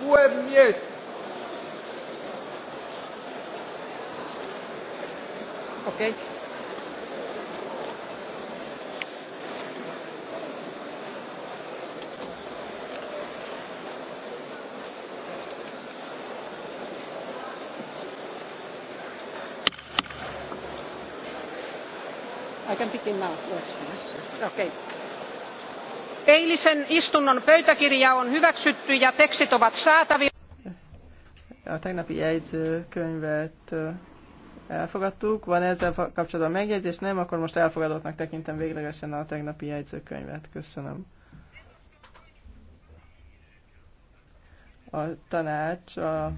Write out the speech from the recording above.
puhemies! Okay. I can begin now. Yes, yes, yes. Okay eilisen istunnon pöytäkirja on hyväksytty ja tekstit ovat saatavilla. A tegnapi jegyzőkönyvet elfogadtuk. Van ezzel kapcsolatban megjegyzés? Nem, akkor most elfogadottnak tekintem véglegesen a tegnapi jegyzőkönyvet. Köszönöm. A tanács a